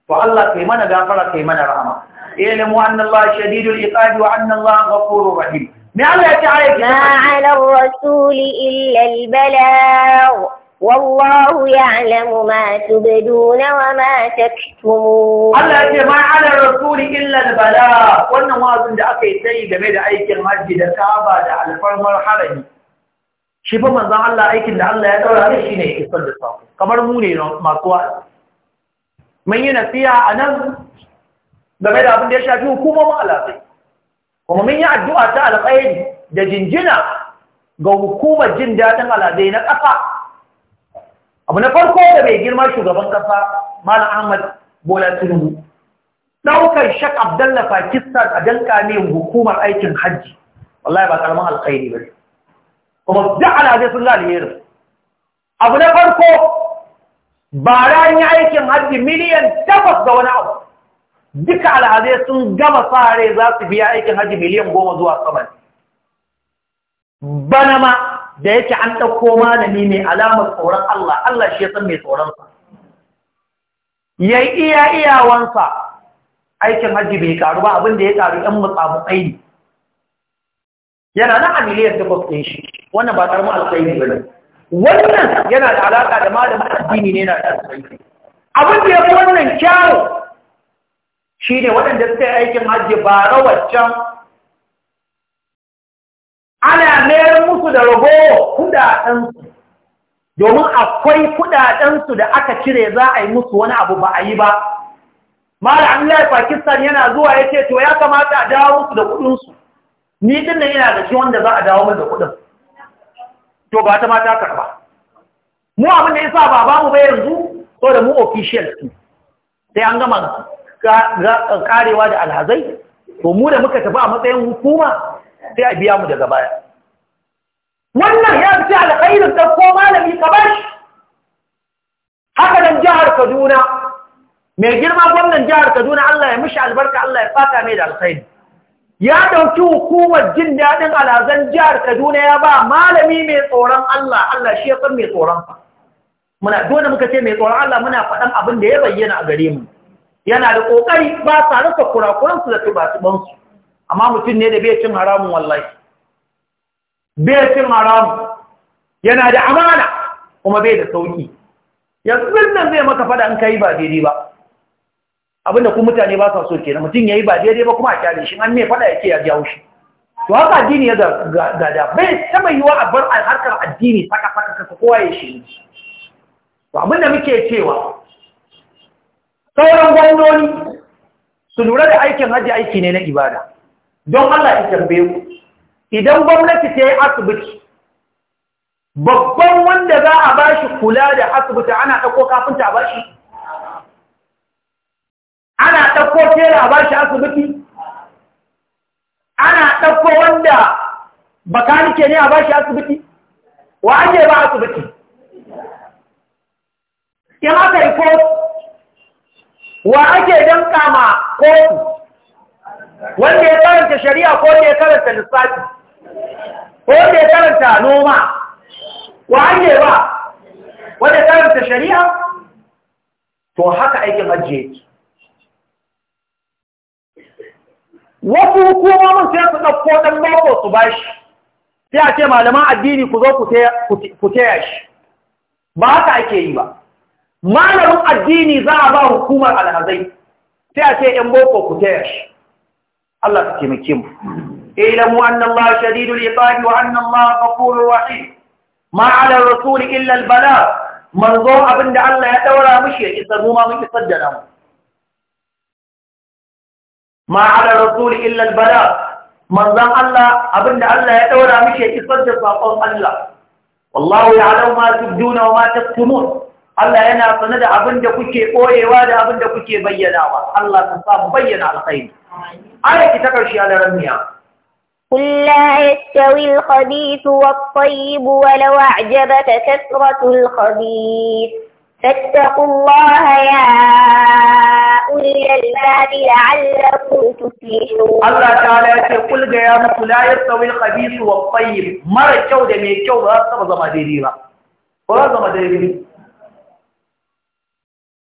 to Allah kai mana gafara kai mana rahama اعلموا أن الله شديد العقاب وأن الله غفور رحيم ما على الرسول إلا البلاغ والله يعلم ما تبدون وما تكتمون الله ما على الرسول إلا البلاغ وأنه ما أظن أكي سيد ميدا أيك المسجد الكعبة على الفرم الحرمي shi من manzon الله أيك da الله ya daura da shi ne isar da sako kamar mu ne masu wa'azi mun game da abin da ya shafi hukumomin alaƙai kuma min yi addu'a ta alƙairi da jinjina ga hukumar jin daɗin alaƙai na ƙasa abu na farko da bai girma shugaban ƙasa malam ahmad bola tinubu ɗaukar shak abdalla pakistan a danka ne hukumar aikin hajji wallahi ba karamin alƙairi ba kuma duk alaƙai sun laliyar abu na farko ba ran aikin hajji miliyan takwas ga wani abu duka al'adai sun gama fare za su biya aikin hajji miliyan goma zuwa saman bana ma da yake an ɗauko malami mai alamar tsoron Allah Allah shi ya san mai tsoronsa ya yi iya iyawansa aikin hajji bai karu ba abinda ya karu ‘yan mutsamutsai ne yana na a miliyan takwas ɗin shi wannan ba ƙaramin alƙairi ba ne wannan yana da alaƙa da malamin addini ne na da Abin abinda ya fi wannan kyawun shi ne waɗanda suka yi aikin hajji ba rawaccan ana mayar musu da rago kudadensu domin akwai kudadensu da aka cire za a yi musu wani abu ba a yi ba mara amlai pakistan yana zuwa ya ce to ya kamata a dawo musu da kudinsu ni din nan yana da shi wanda za a dawo mai da kudin to ba ta mata karba mu abin da ya sa ba ba mu ba yanzu so da mu official sai an gama karewa da alhazai to mu da muka tafi a matsayin hukuma sai a biya mu daga baya wannan ya fi alkhairin da ko malami ka bashi haka nan jihar kaduna mai girma gwamnan jihar kaduna allah ya mishi albarka allah ya fata mai da alkhairi ya ɗauki hukumar jin daɗin alhazan jihar kaduna ya ba malami mai tsoron allah allah shi ya san mai tsoron muna dole muka ce mai tsoron allah muna faɗan abin da ya bayyana a gare mu yana da ƙoƙari ba sa rasa su da tubatubansu amma mutum ne da bai cin haramun wallahi bai cin haramun yana da amana kuma bai da sauƙi yanzu nan zai maka fada in ka yi ba daidai ba abinda kuma mutane ba sa so kenan mutum ya yi ba daidai ba kuma a kyale shi an me fada ya ke ya jawo shi to haka addini ya gada bai taɓa yiwa a bar harkar addini saka saka saka kowa ya shi to abinda muke cewa sauran gwamnoni su lura da aikin hajji aiki ne na ibada don Allah ya tambaye ku idan gwamnati ta yi asibiti babban wanda za a bashi kula da asibiti ana ɗauko kafinta a bashi ana ɗauko tera a bashi asibiti ana ɗauko wanda bakanike ne a bashi asibiti wa ake ba asibiti in aka yi ko wa ake danka ma kotu wanda ya karanta shari'a ko ya karanta lissafi ko ya karanta noma wa ake ba wanda ya karanta shari'a to haka aikin majiye ki. wasu hukumomin sai su ɗauko ɗan mako su ba shi sai a ce malaman addini ku zo ku taya shi ba haka ake yi ba malamin addini za a ba hukumar alhazai sai a ce ‘yan boko ku ta yashi. Allah ta taimake mu ilamu wannan Allah shadidul iqabi wa annan Allah ghafurur rahim ma ala rasul illa al bala manzo da Allah ya ɗaura mushi ya isa mu ma mun isar da namu ma ala rasul illa al bala manzon Allah da Allah ya ɗaura mushi ya isar da sakon Allah wallahu ya ya'lamu ma tubduna wa ma taktumun Allah yana sanar da abin da kuke ɓoyewa da abin da kuke bayyanawa, Allah ta samu bayyana alkhairi. Ayar ki ta ƙarshe a daren miya. Kulla ya tawi alkhadisu wa tsayibu wa lawa a jaba Allah ya ulyar zaɓi da Allah ko tuke Allah ta ya ce kulga ya mutu la ya tawi alkhadisu wa mara kyau da mai kyau ba za su zama daidai ba. Ba za su zama daidai.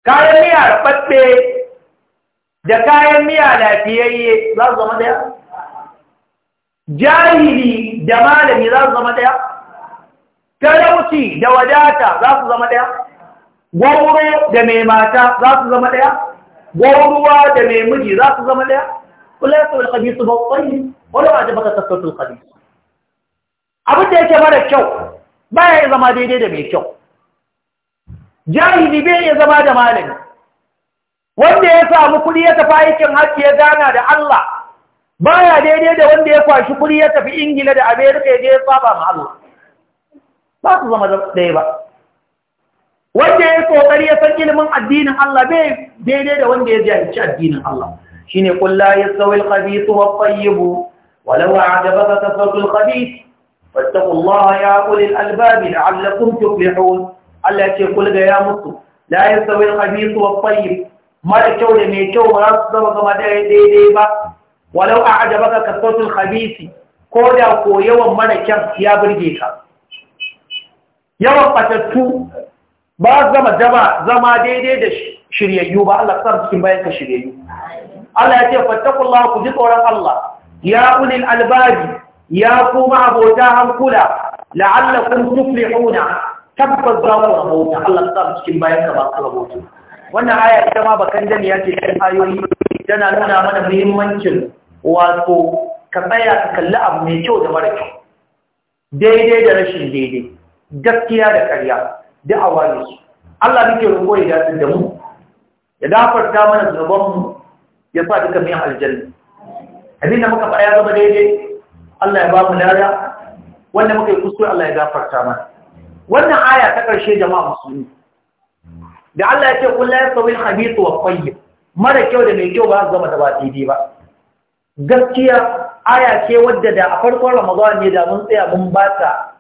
kayan miya rafaffe da kayan miya lafiyayye za su zama daya jahili da malami za su zama daya talauci da wadata za su zama daya gwauro da mai mata za su zama daya gwauruwa da mai miji za su zama daya kula yasa wani kabisu ba wani wani ba ta baka sassautul kabisu abin da yake mara kyau ba ya zama daidai da mai kyau jahili bai ya zama da malami wanda ya samu kuɗi ya tafi aikin hajji ya gana da Allah baya daidai da wanda ya kwashi kuɗi ya tafi Ingila da Amerika ya je ya saba ma Allah ba su zama ɗaya ba wanda ya kokari ya san ilimin addinin Allah bai daidai da wanda ya jahilci addinin Allah shine qul la yastawi al-khabithu wat-tayyib walau a'jabaka kasratu al-khabith fattaqullaha ya ulil albab la'allakum tuflihun Allah ya ce Kulga ya mutu la yasawi al-khabith wa tayyib mara kyau da mai kyau ba za su zama kama daidai ba walau a ajabaka kasatul khabisi ko da ko yawan mara kyan ya burge ka yawan fatattu ba zama zama zama daidai da shiryayyu ba Allah sa cikin bayan ka shiryayyu Allah ya ce fattakullah ku ji tsoron Allah ya ulil albabi ya kuma abota hankula la'allakum tuflihuna tabbas za ku ta Allah ta samu cikin bayan ka ba ku ta wannan aya ita ma bakan ya ce cikin ayoyi tana nuna mana muhimmancin wato ka tsaya ka kalli abu mai kyau da mara kyau daidai da rashin daidai gaskiya da ƙarya da awaye Allah Allah ke roƙo ya dace da mu ya dafarta mana zunuban mu ya sa duka mai aljanna abin da muka faɗa ya zama daidai Allah ya ba mu lada wanda muka yi kuskure Allah ya gafarta mana wannan aya ta ƙarshe jama'a musulmi da Allah ya ce kullu yasawi al-khabithu wa tayyib mara kyau da mai kyau ba za mu ba daidai ba gaskiya aya ce wadda da a farkon Ramadan ne da mun tsaya mun ba ta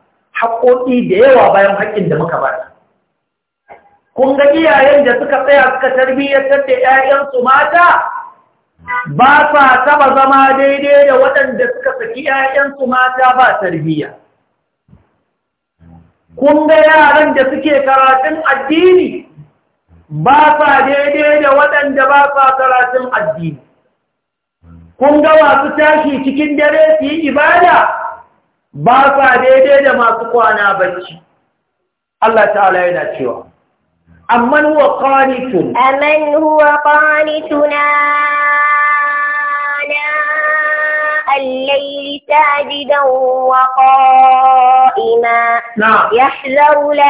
haƙoƙi da yawa bayan haƙƙin da muka ba kun ga iyayen da suka tsaya suka tarbiyyar da 'ya'yansu mata ba sa taba zama daidai da waɗanda suka saki 'ya'yansu mata ba tarbiyya kun ga yaran da suke karatun addini ba sa daidai da waɗanda ba sa karatun addini kun ga masu tashi cikin dare su yi ibada ba sa daidai da masu kwana bacci Allah ta'ala yana cewa amman huwa qanitun amman huwa qanituna الليل ساجدا وقائما نعم. يحذر الآخرة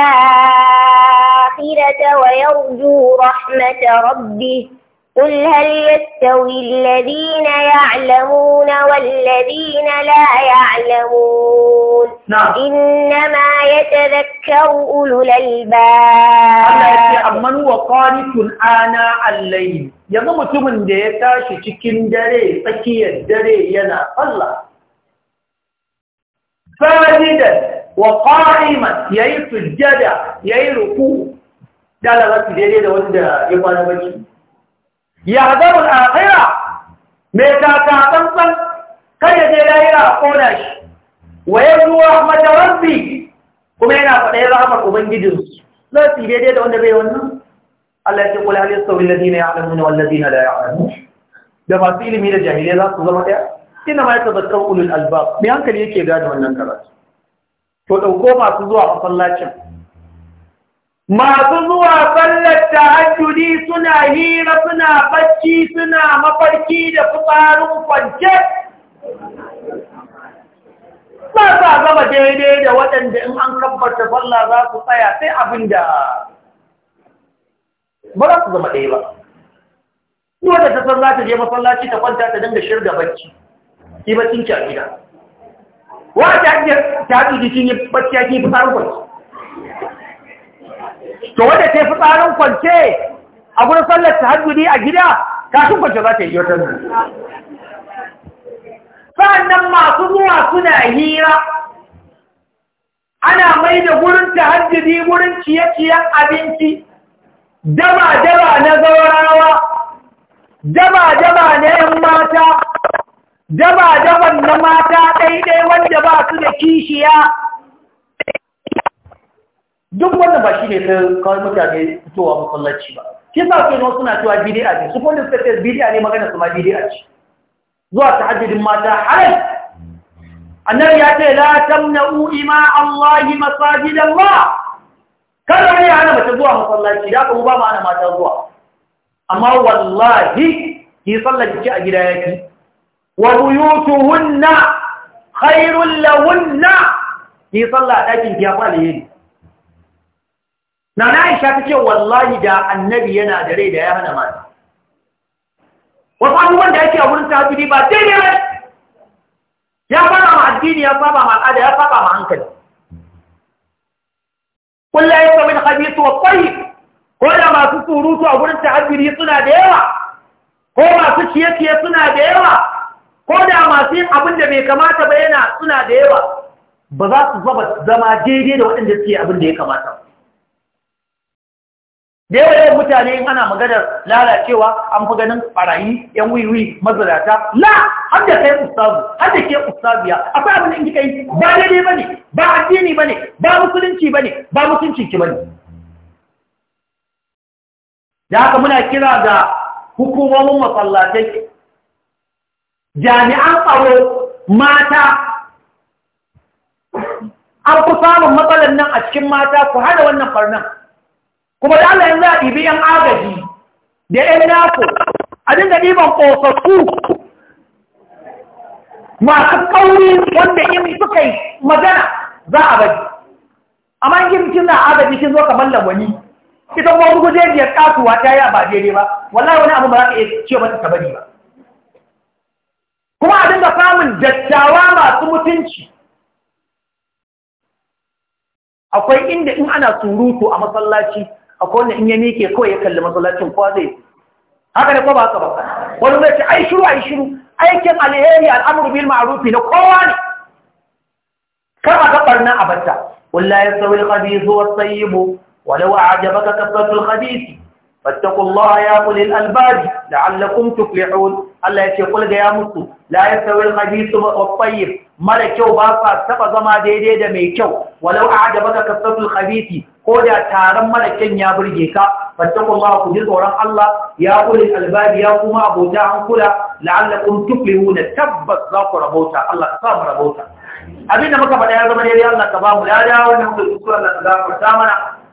ويرجو رحمة ربه قل هل يستوي الذين يعلمون والذين لا يعلمون نعم إنما يتذكر أولو الألباب أنا أتأمن وقارث آناء الليل يضم ثمن ديكاش تكين دري تكي الدري ينا الله فمجدا وقائما يأي سجدا يأي ركوع دالة بس دي دي دي دي ya zaru al'akhira mai kaka tsantsan kai je lahira a kona shi wa ya zuwa mata kuma yana faɗa ya rahamar ubangijinsu za su yi daidai da wanda bai wannan Allah ya ce kula hal yastawi na ya wal ladina wanda ya'lamun da ya Da masu ilimi da jahilai za su zama ɗaya ina ma yatazakkaru ulul albab mai hankali yake gane wannan karatu to ɗauko masu zuwa masallacin masu zuwa sallar hajjuri suna hira suna bacci suna mafarki da fitsarin kwance ba sa zama daidai da waɗanda in an kabbata falla za su tsaya sai abin da ba za su zama ɗaya ba wata ta san za ta je masallaci ta kwanta ta dinga shirga bacci ki bacci kyakira a gida wadda ta hajjudi sun yi bacci ya ke fitsarin kwance to wanda ta yi fitsarin kwance a gudun sallar ta tahajjudi a gida kafin kwance za ta yi yotar sa'annan masu zuwa suna hira ana mai da ta tahajjudi gurin ciye-ciyen abinci daba-daba na zaurawa daba-daba na yan mata daba-daban na mata ɗaiɗai wanda ba su da kishiya duk wannan ba shi ne ta kawai mutane fitowa masallaci ba shi sa ke nan suna cewa bid'a ne su kuma suka ce ne magana su ma bid'a ce zuwa tahajjudin mata halal annabi ya ce la tamna'u ima allahi masajid allah kada ne ana mata zuwa masallaci da kuma ba ma ana mata zuwa amma wallahi ki sallaci a gida yaki wa buyutuhunna khairul lahunna ki salla dakin ki ya fa alheri na na aisha ta ce wallahi da annabi yana da rai da ya hana mata wasu abubuwan da yake a wurin sahabi ba daidai ba ya fara ma addini ya saba ma al'ada ya saba ma hankali ya sami al su wa tayyib ko da masu surutu a wurin ta'abbiri suna da yawa ko masu ciye-ciye suna da yawa ko da masu yin abin da bai kamata ba yana suna da yawa ba za su zama daidai da waɗanda suke abin da ya kamata ba da yawa yawan mutane in ana maganar lalacewa an fi ganin barayi yan wiwi mazalata la har da kai ustazu har da ke ustaziya akwai abin da in kika yi ba daidai bane ba addini bane ba musulunci bane ba mutunci ki bane da haka muna kira ga hukumomin masallatai jami'an tsaro mata an fi samun matsalar nan a cikin mata ku hada wannan farnan kuma da Allah yanzu a ɗibi ‘yan agaji da ‘yan nako a dinga ɗiban ƙosassu masu ƙauri wanda in suka yi magana za a bari amma yin kin na agaji kin zo kamar lawani ita kuma wani gujejiyar kasuwa ta yi ba daidai ba wallahi wani abu ba za ka iya ce mata ta bari ba kuma a dinga samun dattawa masu mutunci akwai inda in ana surutu a masallaci akwai wanda in ya miƙe kawai ya kalli masallacin kowa zai haka ne ko ba haka ba wani zai ce ai shiru ai shiru aikin alheri al'amuru bil ma'rufi na kowa ne kar a ga barna a batta wallahi yasawil khabithu was tayyibu walau a'jabaka kasratul khabith فاتقوا الله يا أولي الألباب لعلكم تفلحون الله يقول يا مسو لا يستوي الخبيث والطيب mara kyau basa sa zama daidai da mai kyau walau a da baka kasatul khabisi ko da taron mara kyan ya burge ka fattakullah ku ji tsoron Allah ya kuli albabi ya kuma abota an kula la'allakum tuflihuna tabbas za ku rabauta Allah ka mu da muka faɗa ya zama daidai Allah ka ba mu lada mana